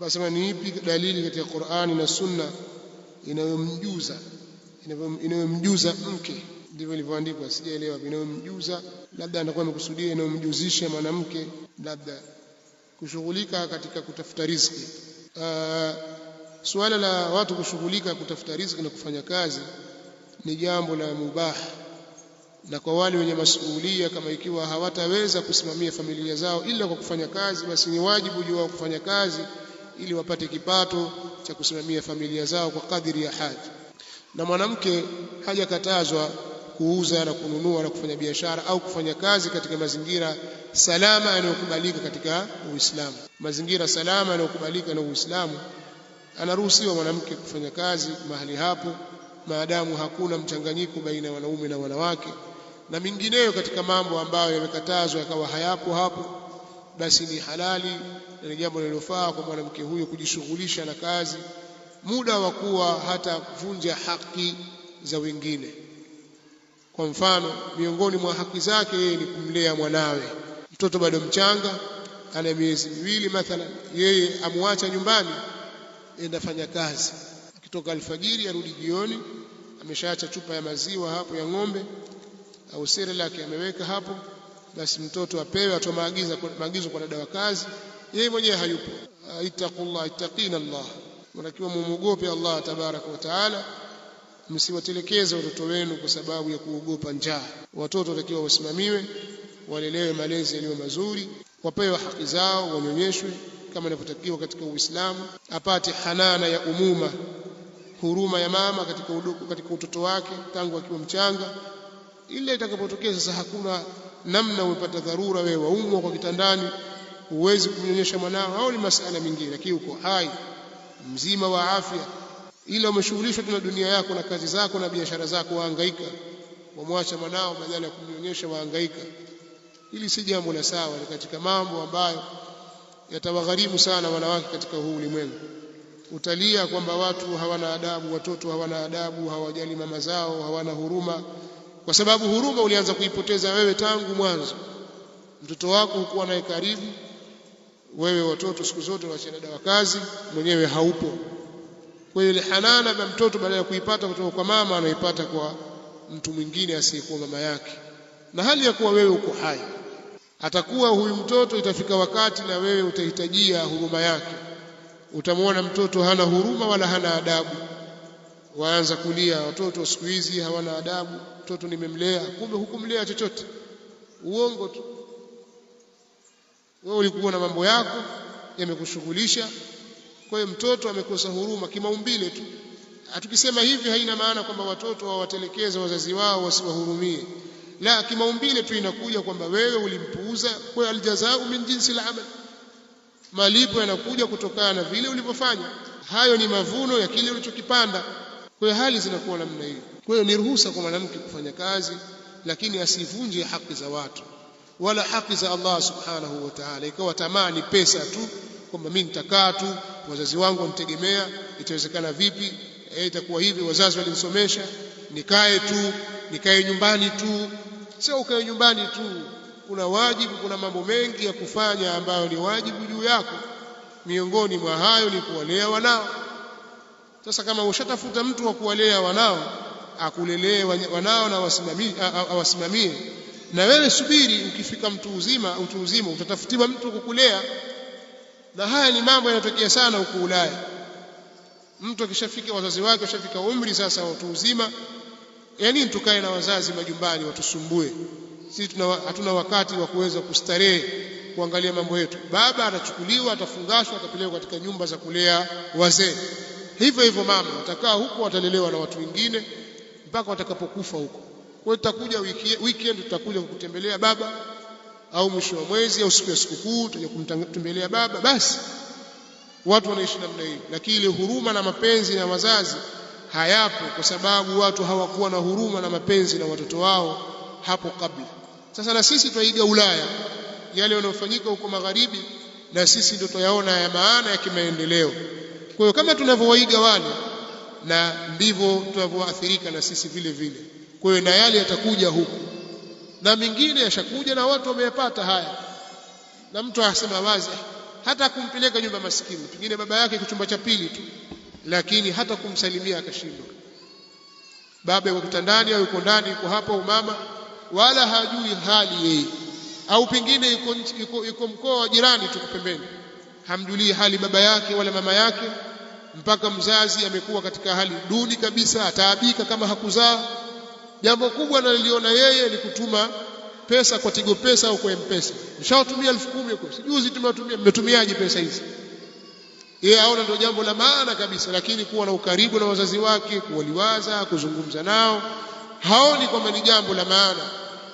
Basema ni ipi dalili katika Qur'ani na Sunna inayomjuza inayomjuza mke? Ndivyo ilivyoandikwa, sijaelewa. Inayomjuza labda anakuwa amekusudia inayomjuzisha mwanamke labda kushughulika katika kutafuta riziki. Uh, suala la watu kushughulika kutafuta riziki na kufanya kazi ni jambo la mubah na kwa wale wenye masuhulia kama ikiwa hawataweza kusimamia familia zao ila kwa kufanya kazi, basi ni wajibu juu wao kufanya kazi ili wapate kipato cha kusimamia familia zao kwa kadiri ya haja. Na mwanamke hajakatazwa kuuza na kununua na kufanya biashara au kufanya kazi katika mazingira salama yanayokubalika katika Uislamu. Mazingira salama yanayokubalika na Uislamu, anaruhusiwa mwanamke kufanya kazi mahali hapo, maadamu hakuna mchanganyiko baina ya wanaume na wanawake, na mingineyo katika mambo ambayo yamekatazwa yakawa hayapo hapo basi ni halali na ni jambo lilofaa kwa mwanamke huyo kujishughulisha na kazi muda wa kuwa hata hatavunja haki za wengine. Kwa mfano, miongoni mwa haki zake yeye ni kumlea mwanawe. Mtoto bado mchanga, ana miezi miwili mathalan, yeye amwacha nyumbani, enda fanya kazi, akitoka alfajiri arudi jioni, ameshaacha chupa ya maziwa hapo ya ng'ombe au lake ameweka hapo basi mtoto apewe atoe maagizo maagizo kwa dada wa kazi, yeye mwenyewe hayupo. Itaqullah ittaqina Allah, mnakiwa mumwogope Allah tabaraka wa taala, msiwatelekeze watoto wenu kwa sababu ya kuogopa njaa. Watoto watakiwa wasimamiwe, walelewe malezi yaliyo mazuri, wapewe haki zao, wanyonyeshwe kama inavyotakiwa katika Uislamu, apate hanana ya umuma, huruma ya mama katika uduku, katika utoto wake tangu akiwa mchanga, ile itakapotokea sasa hakuna namna umepata dharura, wewe waumwa kwa kitandani, huwezi kumnyonyesha mwanao, au ni masala mengine, lakini uko hai mzima wa afya, ila umeshughulishwa tu na dunia yako na kazi zako na biashara zako, waangaika wamwacha mwanao badala ya kumnyonyesha, waangaika Hili si jambo la sawa, ni katika mambo ambayo yatawagharimu sana wanawake katika huu ulimwengu. Utalia kwamba watu hawana adabu, watoto hawana adabu, hawajali mama zao, hawana huruma kwa sababu huruma ulianza kuipoteza wewe tangu mwanzo mtoto wako hukuwa naye karibu wewe watoto siku zote wachana dawa kazi mwenyewe haupo kwa hiyo ile hanana ya mtoto baada ya kuipata kutoka kwa mama anaipata kwa mtu mwingine asiyekuwa mama yake na hali ya kuwa wewe uko hai atakuwa huyu mtoto itafika wakati na wewe utahitajia huruma yake utamwona mtoto hana huruma wala hana adabu waanza kulia watoto siku hizi hawana adabu mtoto nimemlea kumbe hukumlea chochote uongo tu wewe ulikuwa na mambo yako yamekushughulisha kwa hiyo mtoto amekosa huruma kimaumbile tu atukisema hivi haina maana kwamba watoto wawatelekeze wazazi wao wasiwahurumie la kimaumbile tu inakuja kwamba wewe ulimpuuza kwa aljazau min jinsi la amal malipo yanakuja kutokana na vile ulivyofanya hayo ni mavuno ya kile ulichokipanda kwa hiyo hali zinakuwa namna hiyo. Kwa hiyo ni ruhusa kwa mwanamke kufanya kazi, lakini asivunje haki za watu wala haki za Allah subhanahu wa ta'ala, ikawa tamani pesa tu kwamba mimi nitakaa tu, wazazi wangu wanitegemea, itawezekana vipi? E, itakuwa hivi, wazazi walinisomesha, nikae tu, nikae nyumbani tu. Sio ukae nyumbani tu, kuna wajibu, kuna mambo mengi ya kufanya ambayo ni wajibu juu yako. Miongoni mwa hayo ni kuwalea wanao sasa kama ushatafuta mtu wa kuwalea wanao, akulelee wanao na awasimamie, Na wewe subiri, ukifika mtu uzima, utu uzima utatafutiwa mtu kukulea. Na haya ni mambo yanatokea sana huko Ulaya. Mtu akishafika wazazi wake washafika umri sasa watu uzima, yani tukae na wazazi majumbani watusumbue? Sisi hatuna wakati wa kuweza kustarehe kuangalia mambo yetu. Baba atachukuliwa, atafungashwa, atapelekwa katika nyumba za kulea wazee hivyo hivyo mama watakaa huko watalelewa na watu wengine mpaka watakapokufa huko kwa tutakuja weekend tutakuja kukutembelea baba au mwisho wa mwezi au siku ya sikukuu tutakuja kumtembelea baba basi watu wanaishi namna hii lakini ile huruma na mapenzi na wazazi hayapo kwa sababu watu hawakuwa na huruma na mapenzi na watoto wao hapo kabla sasa na sisi twaiga Ulaya yale yanayofanyika huko magharibi na sisi ndio twayaona ya maana ya kimaendeleo kwa hiyo kama tunavyowaiga wale, na ndivyo tunavyoathirika na sisi vile vile. Kwa hiyo na yale yatakuja huku na mengine yashakuja, na watu wameyapata haya, na mtu asema wazi, hata kumpeleka nyumba maskini, pengine baba yake kichumba cha pili tu, lakini hata kumsalimia akashindwa. Baba yuko kitandani au yuko ndani, yuko hapo, au mama wala hajui hali yeye, au pengine yuko, yuko, yuko mkoa wa jirani tu pembeni, hamjulii hali baba yake wala mama yake mpaka mzazi amekuwa katika hali duni kabisa, ataabika kama hakuzaa. Jambo kubwa naliona yeye ni kutuma pesa kwa Tigo Pesa au kwa Mpesa. pesa Nishawatumia elfu kumi huko, sijuzi tumewatumia, mmetumiaje pesa hizi? Yeye aona ndio jambo la maana kabisa, lakini kuwa na ukaribu na wazazi wake, kuwaliwaza, kuzungumza nao, haoni kwamba ni jambo la maana,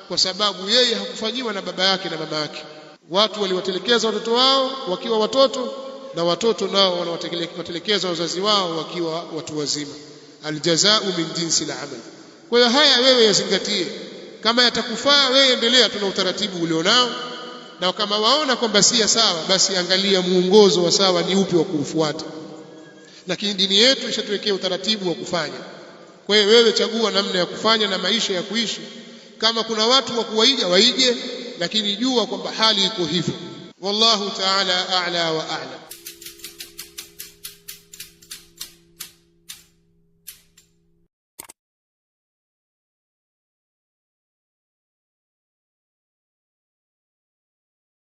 kwa sababu yeye hakufanyiwa na baba yake na mama yake. Watu waliwatelekeza watoto wao wakiwa watoto na watoto nao wanawatelekeza wazazi wao wakiwa watu wazima aljazau min jinsi la amal kwa hiyo haya wewe yazingatie kama yatakufaa wewe endelea tuna utaratibu ulionao na kama waona kwamba si sawa basi angalia muongozo wa sawa ni upi wa kuufuata lakini dini yetu ishatuwekea utaratibu wa kufanya kwa hiyo wewe chagua namna ya kufanya na maisha ya kuishi kama kuna watu wa kuwaija waije, lakini jua kwamba hali iko hivyo wallahu ta'ala a'la wa a'lam